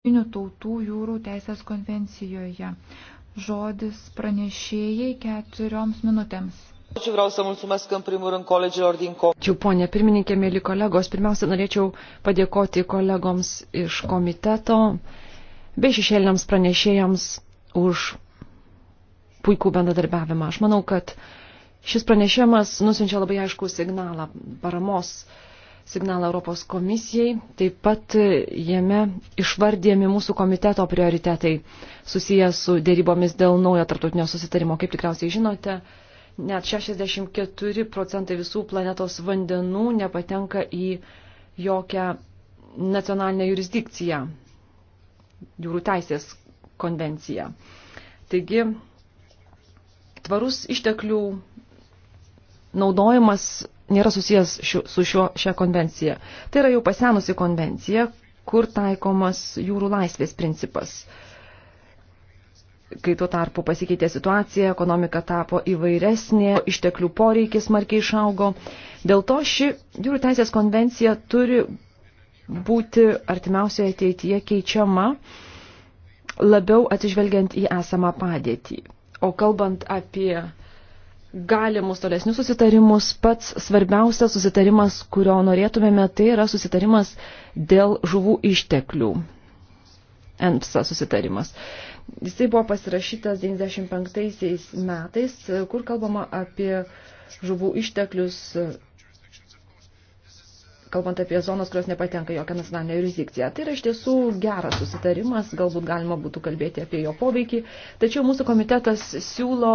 Junktinių tautų jūrų teisės konvencijoje. Žodis pranešėjai keturioms minutėms. Ačiū, vreau să mulțumesc în primul rând colegilor din com. Ačiū, ponė pirmininkė, mėly kolegos. Pirmiausia, norėčiau padėkoti kolegoms iš komiteto bei šešėliniams pranešėjams už puikų bendradarbiavimą. Aš manau, kad šis pranešimas nusinčia labai aišku signalą paramos uh, signalą Europos komisijai. Taip pat e, jame išvardėmi mūsų komiteto prioritetai susijęs su dėrybomis dėl naujo tarptautinio susitarimo. Kaip tikriausiai žinote, net 64 procentai visų planetos vandenų nepatenka į jokią nacionalinę jurisdikciją, jūrų teisės konvenciją. Taigi, tvarus išteklių naudojimas nėra susijęs šiu, su šio, šia konvencija. Tai yra jau pasenusi konvencija, kur taikomas jūrų laisvės principas. Kai tuo tarpu pasikeitė situacija, ekonomika tapo įvairesnė, išteklių poreikis smarkiai išaugo. Dėl to ši jūrų teisės konvencija turi būti artimiausioje ateityje keičiama labiau atsižvelgiant į esamą padėtį. O kalbant apie galimus tolesnius susitarimus. Pats svarbiausias susitarimas, kurio norėtumėme, tai yra susitarimas dėl žuvų išteklių. ENPSA susitarimas. Jisai buvo pasirašytas 95 metais, kur kalbama apie žuvų išteklius, kalbant apie zonas, kurios nepatenka jokią nacionalinę jurisdikciją. Tai yra iš tiesų geras susitarimas, galbūt galima būtų kalbėti apie jo poveikį, tačiau mūsų komitetas siūlo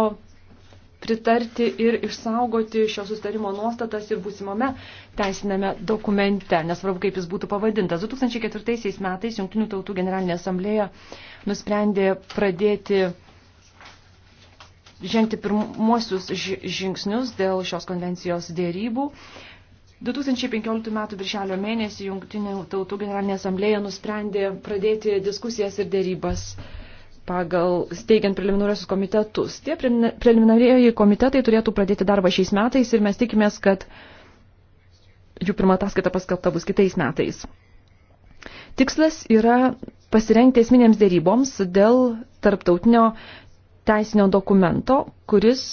pritarti ir išsaugoti šio sustarimo nuostatas ir būsimame teisiname dokumente, nesvarbu kaip jis būtų pavadintas. 2004 metais Junktinių tautų generalinė asamblėja nusprendė pradėti žengti pirmuosius žingsnius dėl šios konvencijos dėrybų. 2015 m. birželio mėnesį Jungtinių tautų generalinė asamblėja nusprendė pradėti diskusijas ir dėrybas pagal steigiant preliminariosius komitetus. Tie preliminarieji komitetai turėtų pradėti darbą šiais metais ir mes tikimės, kad jų pirma ataskaita paskelbta bus kitais metais. Tikslas yra pasirengti esminėms dėryboms dėl tarptautinio teisinio dokumento, kuris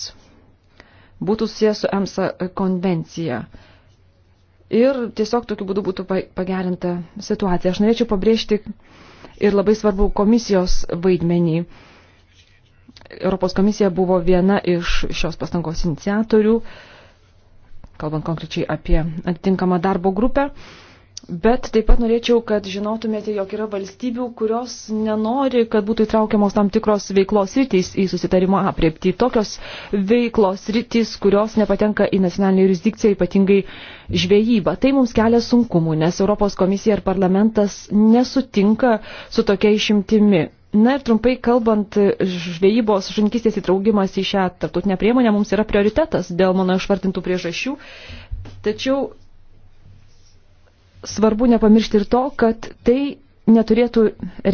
būtų susijęs su EMSA konvencija ir tiesiog tokiu būdu būtų pagerinta situacija. Aš norėčiau pabrėžti ir labai svarbu komisijos vaidmenį. Europos komisija buvo viena iš šios pastangos iniciatorių, kalbant konkrečiai apie atitinkamą darbo grupę. Uh, Bet taip pat norėčiau, kad žinotumėte, jog yra valstybių, kurios nenori, kad būtų įtraukiamos tam tikros veiklos rytys į susitarimo apriepti. Tokios veiklos rytys, kurios nepatenka į nacionalinę jurisdikciją, ypatingai žvejybą. Tai mums kelia sunkumų, nes Europos komisija ir parlamentas nesutinka su tokia išimtimi. Na ir trumpai kalbant, žvejybos žunkistės įtraukimas į šią tarptautinę priemonę mums yra prioritetas dėl mano išvartintų priežasčių. Tačiau svarbu nepamiršti ir to, kad tai neturėtų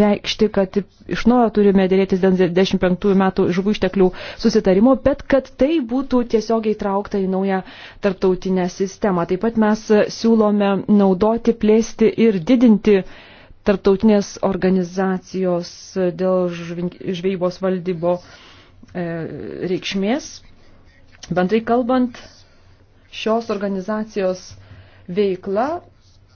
reikšti, kad iš naujo turime dėrėtis 95 metų žuvų išteklių susitarimo, bet kad tai būtų tiesiogiai traukta į naują tarptautinę sistemą. Taip pat mes siūlome naudoti, plėsti ir didinti tarptautinės organizacijos dėl žvejybos valdybo e, reikšmės. Bendrai kalbant, šios organizacijos veikla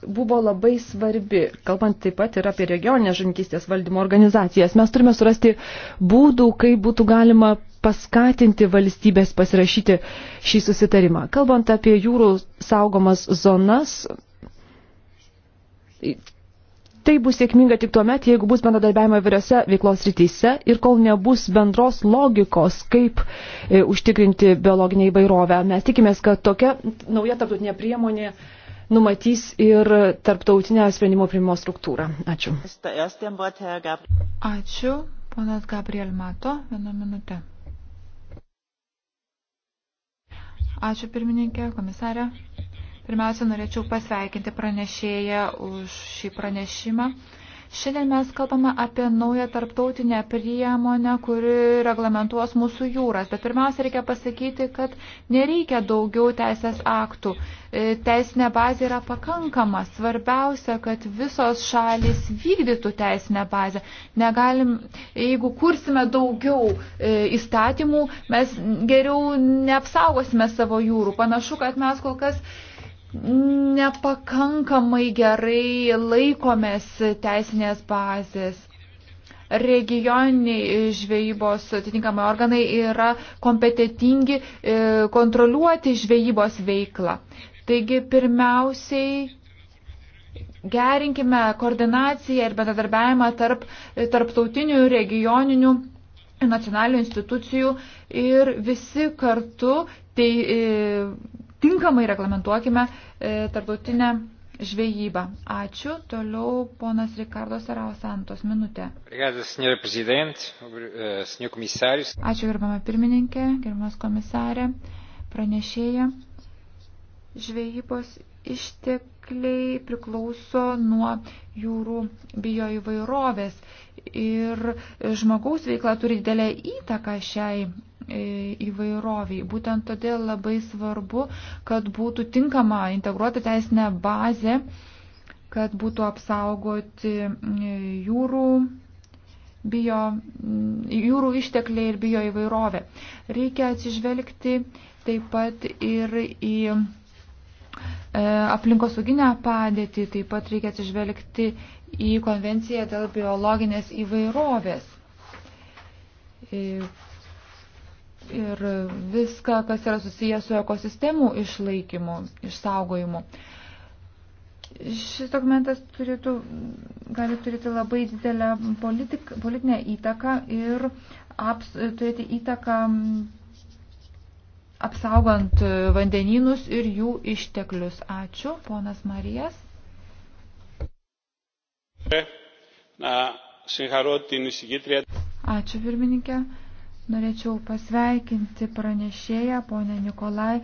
buvo labai svarbi, kalbant taip pat ir apie regioninės žankystės valdymo organizacijas. Mes turime surasti būdų, kaip būtų galima paskatinti valstybės pasirašyti šį susitarimą. Kalbant apie jūrų saugomas zonas, tai bus sėkminga tik tuo met, jeigu bus bendradarbiavimo įvairiose veiklos rytise ir kol nebus bendros logikos, kaip e, užtikrinti biologinę įvairovę. Mes tikimės, kad tokia nauja tarptautinė priemonė e, numatys ir tarptautinę sprendimo priimimo struktūrą. Ačiū. Ačiū, ponas Gabriel Mato, vieną minutę. Ačiū pirmininkė, komisarė. Pirmiausia, norėčiau pasveikinti pranešėją už šį pranešimą. Šiandien mes kalbame apie naują tarptautinę priemonę, kuri reglamentuos mūsų jūras. Bet pirmiausia, reikia pasakyti, kad nereikia daugiau teisės aktų. E, teisinė bazė yra pakankama. Svarbiausia, kad visos šalis vykdytų teisinę bazę. Negalim, jeigu kursime daugiau e, įstatymų, mes geriau neapsaugosime savo jūrų. Panašu, kad mes kol kas nepakankamai gerai laikomės teisinės bazės. Regioniniai žvejybos atitinkami organai yra kompetitingi e, kontroliuoti žvejybos veiklą. Taigi pirmiausiai gerinkime koordinaciją ir bendradarbiavimą tarp e, tarptautinių regioninių nacionalinių institucijų ir visi kartu tai, tinkamai reglamentuokime e, tarptautinę žvejybą. Ačiū. Toliau ponas Rikardo Serao Santos. Minutė. E, Ačiū gerbama pirmininkė, gerbamas komisarė, pranešėja. Žvejybos ištekliai priklauso nuo jūrų bioįvairovės ir žmogaus veikla turi didelę įtaką šiai įvairoviai. Būtent todėl labai svarbu, kad būtų tinkama integruota teisinė bazė, kad būtų apsaugoti jūrų bio, jūrų ištekliai ir bio įvairovė. Reikia atsižvelgti taip pat ir į e, aplinkosauginę padėtį, taip pat reikia atsižvelgti į konvenciją dėl biologinės įvairovės e, ir viską, kas yra susijęs su ekosistemų išlaikymu, išsaugojimu. Šis dokumentas turėtų, gali turėti labai didelę politik, politinę įtaką ir aps, turėti įtaką apsaugant vandenynus ir jų išteklius. Ačiū, ponas Marijas. Ačiū, pirmininkė. Norėčiau pasveikinti pranešėją, ponę Nikolai,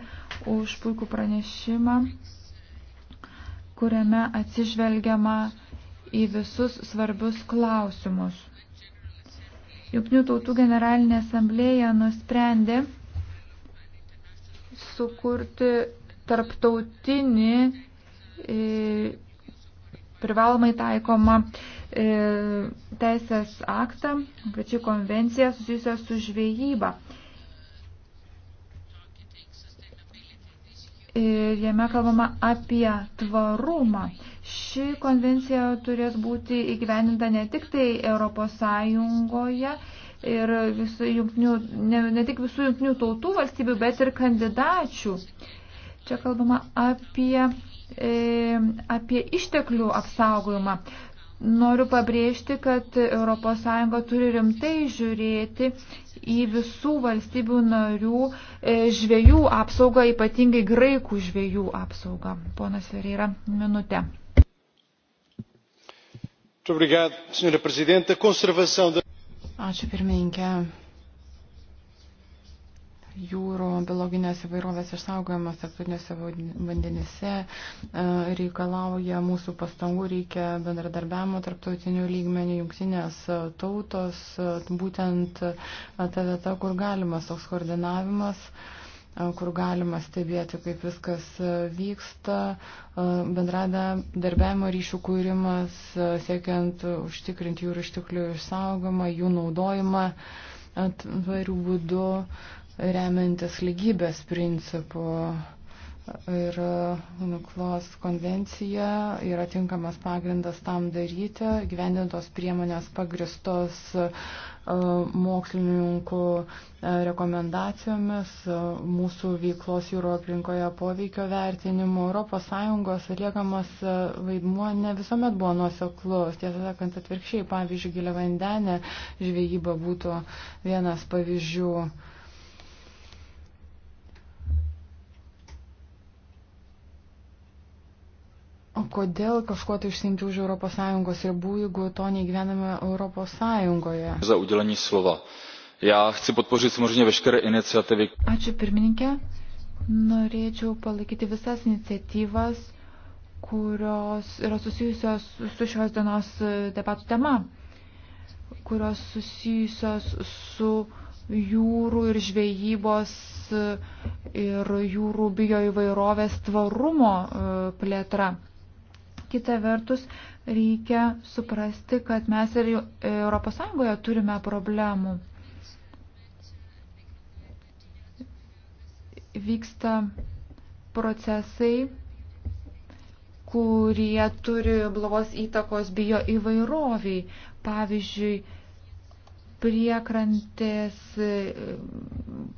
už puikų pranešimą, kuriame atsižvelgiama į visus svarbius klausimus. Jungtinių tautų generalinė asamblėja nusprendė sukurti tarptautinį e, privalomai taikoma e, teisės aktą, pačių konvenciją susijusią su žvejyba. Ir jame kalbama apie tvarumą. Ši konvencija turės būti įgyveninta ne tik tai Europos Sąjungoje ir visų jungtinių, ne, ne tik visų jungtinių tautų valstybių, bet ir kandidačių. Čia kalbama apie E, apie išteklių apsaugojimą. Noriu pabrėžti, kad ES turi rimtai žiūrėti į visų valstybių narių e, žvėjų apsaugą, ypatingai graikų žvėjų apsaugą. Ponas Vereira, minutė. Ačiū pirmininkė jūrų biologinės įvairovės išsaugojimas tarptautiniuose vandenise e, reikalauja mūsų pastangų, reikia bendradarbiavimo tarptautinių lygmenių, jungtinės e, tautos, e, būtent ta vieta, kur galimas toks koordinavimas kur galima stebėti, kaip viskas vyksta, bendradarbiavimo ryšių kūrimas, siekiant užtikrinti jūrų išteklių išsaugomą, jų naudojimą tvarių būdų remiantis lygybės principu. Ir UNCLOS konvencija yra tinkamas pagrindas tam daryti, gyvendintos priemonės pagristos e, mokslininkų e, rekomendacijomis, e, mūsų veiklos jūro aplinkoje poveikio vertinimu. ES atliekamas vaidmuo ne visuomet buvo nuoseklus, tiesą sakant, atvirkščiai, pavyzdžiui, giliavandenė žvejyba būtų vienas pavyzdžių O kodėl kažkuo tai užsimti už ES ribų, jeigu to neįgyvename ES? Za udělení slova. Já chci podpořit samozřejmě veškeré iniciativy. Ačiū pirmininkė. Norėčiau palaikyti visas iniciatyvas, kurios yra susijusios su šios dienos e, debatų tema, kurios susijusios su jūrų ir žvejybos e, ir jūrų bioįvairovės tvarumo e, plėtra. Kita vertus, reikia suprasti, kad mes ir ES turime problemų. Vyksta procesai, kurie turi blogos įtakos bio įvairoviai. Pavyzdžiui, priekrantės,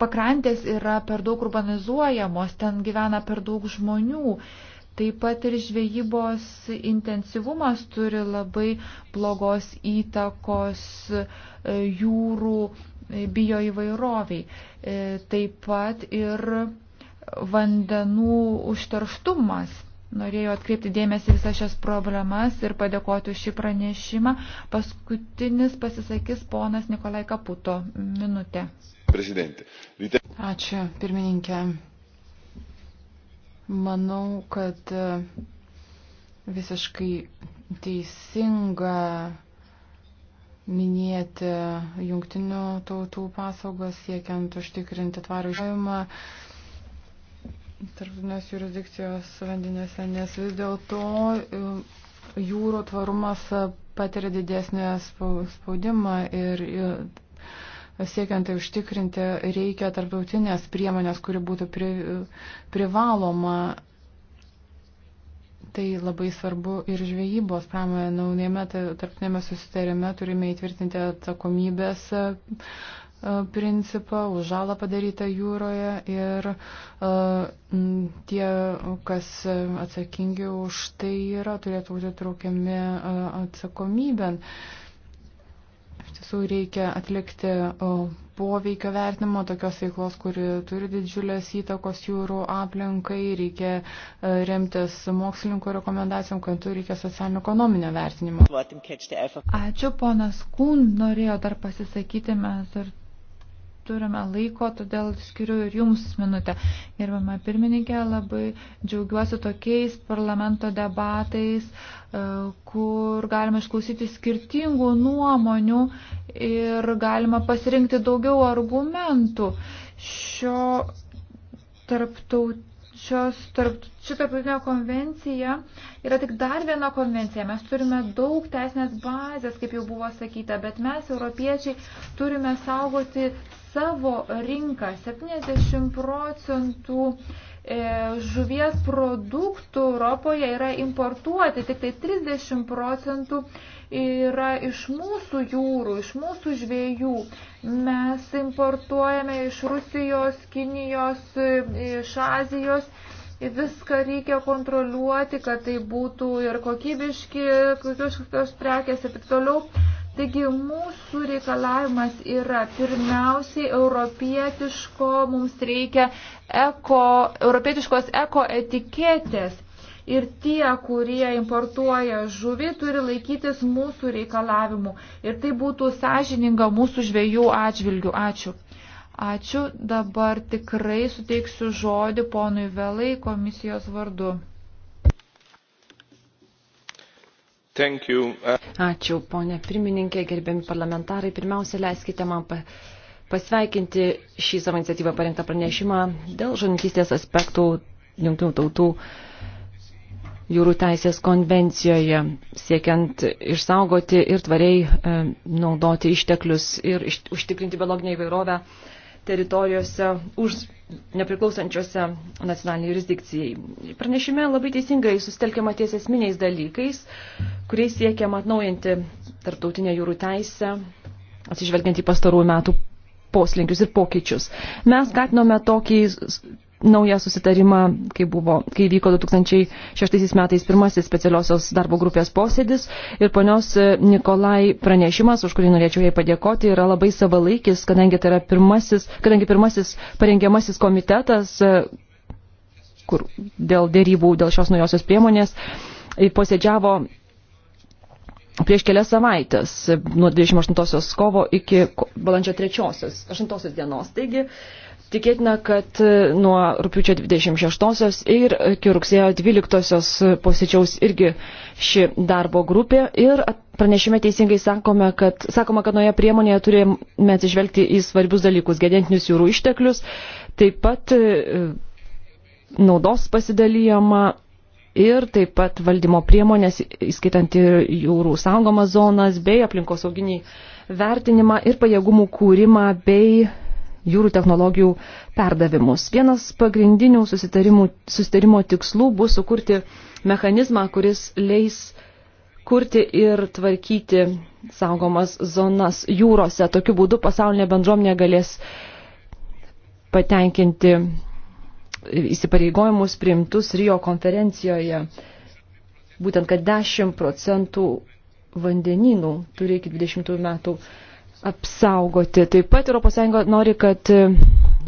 pakrantės yra per daug urbanizuojamos, ten gyvena per daug žmonių. Taip pat ir žvejybos intensyvumas turi labai blogos įtakos e, jūrų e, bioįvairoviai. E, taip pat ir vandenų užterštumas. Norėjau atkreipti dėmesį visas šias problemas ir padėkoti už šį pranešimą. Paskutinis pasisakys ponas Nikolai Kaputo. Minutė. Prezidentė. Ačiū, pirmininkė. Manau, kad e, visiškai teisinga minėti jungtinių tautų pasaugos siekiant užtikrinti tvarų išėjimą tarptautinės jurisdikcijos vandenėse, nes vis dėlto e, jūrų tvarumas patiria didesnį spaudimą ir siekiant tai užtikrinti, reikia tarptautinės priemonės, kuri būtų pri, privaloma. Tai labai svarbu ir žvejybos pramonė naunėme, tarptinėme susitarime turime įtvirtinti atsakomybės e, principą už žalą padarytą jūroje ir e, tie, kas atsakingi už tai yra, turėtų būti traukiami e, atsakomybėn. Uh, tiesų reikia atlikti poveikio vertinimo tokios veiklos, kuri turi didžiulės įtakos jūrų aplinkai, reikia e, remtis mokslininkų rekomendacijom, kad tu reikia socialinio ekonominio vertinimo. Ačiū, ponas Kūn, norėjo dar pasisakyti, mes dar turime laiko, todėl skiriu ir jums minutę. Gerbama pirmininkė, labai džiaugiuosi tokiais parlamento debatais, e, kur galima išklausyti skirtingų nuomonių ir galima pasirinkti daugiau argumentų. Šio tarptautinio šios, tarp, ši tarptautinė konvencija yra tik dar viena konvencija. Mes turime daug teisinės bazės, kaip jau buvo sakyta, bet mes, europiečiai, turime saugoti savo rinką. 70 procentų E, žuvies produktų Europoje yra importuoti, tik tai 30 procentų yra iš mūsų jūrų, iš mūsų žvėjų. Mes importuojame iš Rusijos, Kinijos, iš Azijos viską reikia kontroliuoti, kad tai būtų ir kokybiški, kokios prekės ir taip toliau. Taigi mūsų reikalavimas yra pirmiausiai europietiško, mums reikia eko, europietiškos eko etiketės. Ir tie, kurie importuoja žuvį, turi laikytis mūsų reikalavimų. Ir tai būtų sąžininga mūsų žvėjų atžvilgių. Ačiū. Ačiū. Dabar tikrai suteiksiu žodį ponui Velai komisijos vardu. Ačiū, ponė pirmininkė, gerbiami parlamentarai. Pirmiausia, leiskite man pasveikinti šį savo iniciatyvą parengtą pranešimą dėl žankystės aspektų Junktinių tautų jūrų teisės konvencijoje, siekiant išsaugoti ir tvariai e, naudoti išteklius ir užtikrinti biologinę įvairovę teritorijose už nepriklausančiose nacionaliniai jurisdikcijai. Pranešime labai teisingai sustelkiama ties esminiais dalykais, kuriais siekiama atnaujinti tarptautinę jūrų teisę, atsižvelgiant į pastarųjų metų poslinkius ir pokyčius. Mes skatinome tokį naują susitarimą, kai, buvo, kai vyko 2006 metais pirmasis specialiosios darbo grupės posėdis. Ir ponios Nikolai pranešimas, už kurį norėčiau jai padėkoti, yra labai savalaikis, kadangi tai yra pirmasis, kadangi pirmasis parengiamasis komitetas kur dėl dėrybų, dėl šios naujosios priemonės posėdžiavo prieš kelias savaitės, nuo 28 kovo iki balandžio 3 8 dienos. Taigi Tikėtina, kad e, nuo rūpiučio 26 ir iki rugsėjo 12 posėdžiaus irgi ši darbo grupė ir pranešime teisingai sakome, kad, sakoma, kad nuoje priemonėje turėjome atsižvelgti į svarbius dalykus - gedentinius jūrų išteklius, taip pat e, e, naudos pasidalyjama ir taip pat valdymo priemonės, įskaitant ir jūrų saugomas zonas, bei aplinkosauginį vertinimą ir pajėgumų kūrimą, bei jūrų technologijų perdavimus. Vienas pagrindinių susitarimo tikslų bus sukurti mechanizmą, kuris leis kurti ir tvarkyti saugomas zonas jūrose. Tokiu būdu pasaulinė bendruomenė galės patenkinti įsipareigojimus priimtus Rio konferencijoje. Būtent, kad 10 procentų vandenynų turi iki 20 metų apsaugoti. Taip pat ES nori, kad e,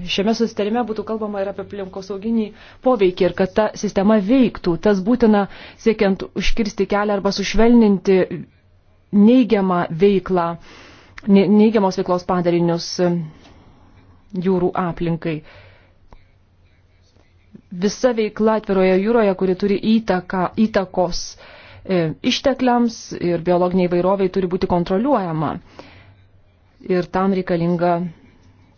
šiame susitarime būtų kalbama ir apie aplinkosauginį poveikį ir kad ta sistema veiktų. Tas būtina siekiant užkirsti kelią arba sušvelninti neigiamą veiklą, neigiamos veiklos padarinius e, jūrų aplinkai. Visa veikla atviroje jūroje, kuri turi įtaka, įtakos e, ištekliams ir biologiniai vairoviai turi būti kontroliuojama. E, ir tam reikalinga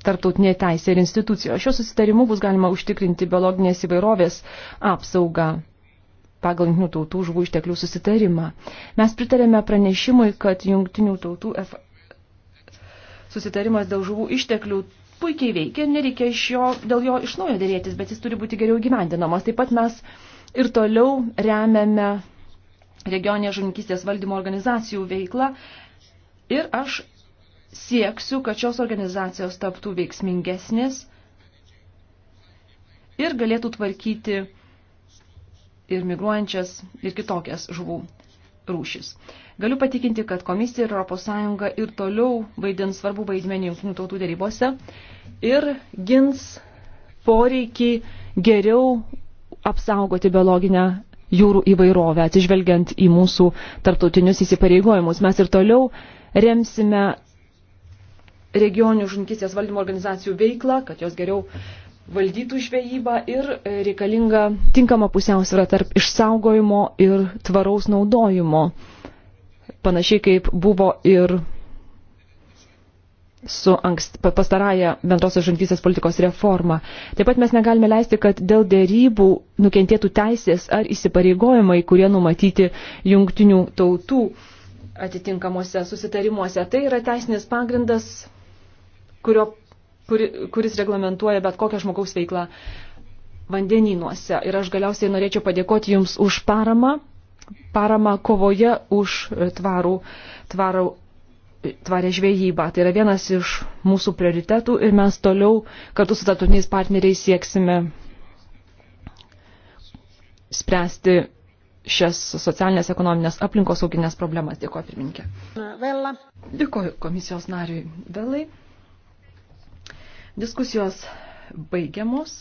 tarptautinė teisė ir institucijos. Šiuo susitarimu bus galima užtikrinti biologinės įvairovės apsaugą pagal jungtinių tautų žuvų išteklių susitarimą. Mes pritarėme pranešimui, kad jungtinių tautų F... susitarimas dėl žuvų išteklių puikiai veikia, nereikia iš jo, dėl jo iš naujo dėrėtis, bet jis turi būti geriau gyvendinamas. Taip pat mes ir toliau remiame regioninės žuvininkystės valdymo organizacijų veiklą ir aš sieksiu, kad šios organizacijos taptų veiksmingesnės ir galėtų tvarkyti ir migruojančias, ir kitokias žuvų rūšis. Galiu patikinti, kad komisija ir ES ir toliau vaidins svarbu vaidmenį jungtinių tautų dėrybose ir gins poreikį geriau apsaugoti biologinę jūrų įvairovę, atsižvelgiant į mūsų tarptautinius įsipareigojimus. Mes ir toliau remsime regioninių žunkistės valdymo organizacijų veiklą, kad jos geriau valdytų žvejybą ir e, reikalinga tinkama pusiausvyrą tarp išsaugojimo ir tvaraus naudojimo. Panašiai kaip buvo ir su ankst, pastarąją bendrosios žangysės politikos reformą. Taip pat mes negalime leisti, kad dėl dėrybų nukentėtų teisės ar įsipareigojimai, kurie numatyti jungtinių tautų atitinkamuose susitarimuose. Tai yra teisinis pagrindas kurio, kuri, kuris reglamentuoja bet kokią žmogaus veiklą vandenynuose. Ir aš galiausiai norėčiau padėkoti Jums už paramą, paramą kovoje už tvarų, tvarų, tvarę žvejybą. Tai yra vienas iš mūsų prioritetų ir mes toliau kartu su tartutiniais partneriais sieksime spręsti šias socialinės, ekonominės, aplinkos sauginės problemas. Dėkuoju, pirmininkė. Vėla. Dėkuoju komisijos nariui Vėlai. Diskusijos baigiamos,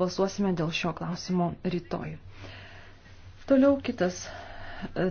balsuosime dėl šio klausimo rytoj. Toliau kitas e,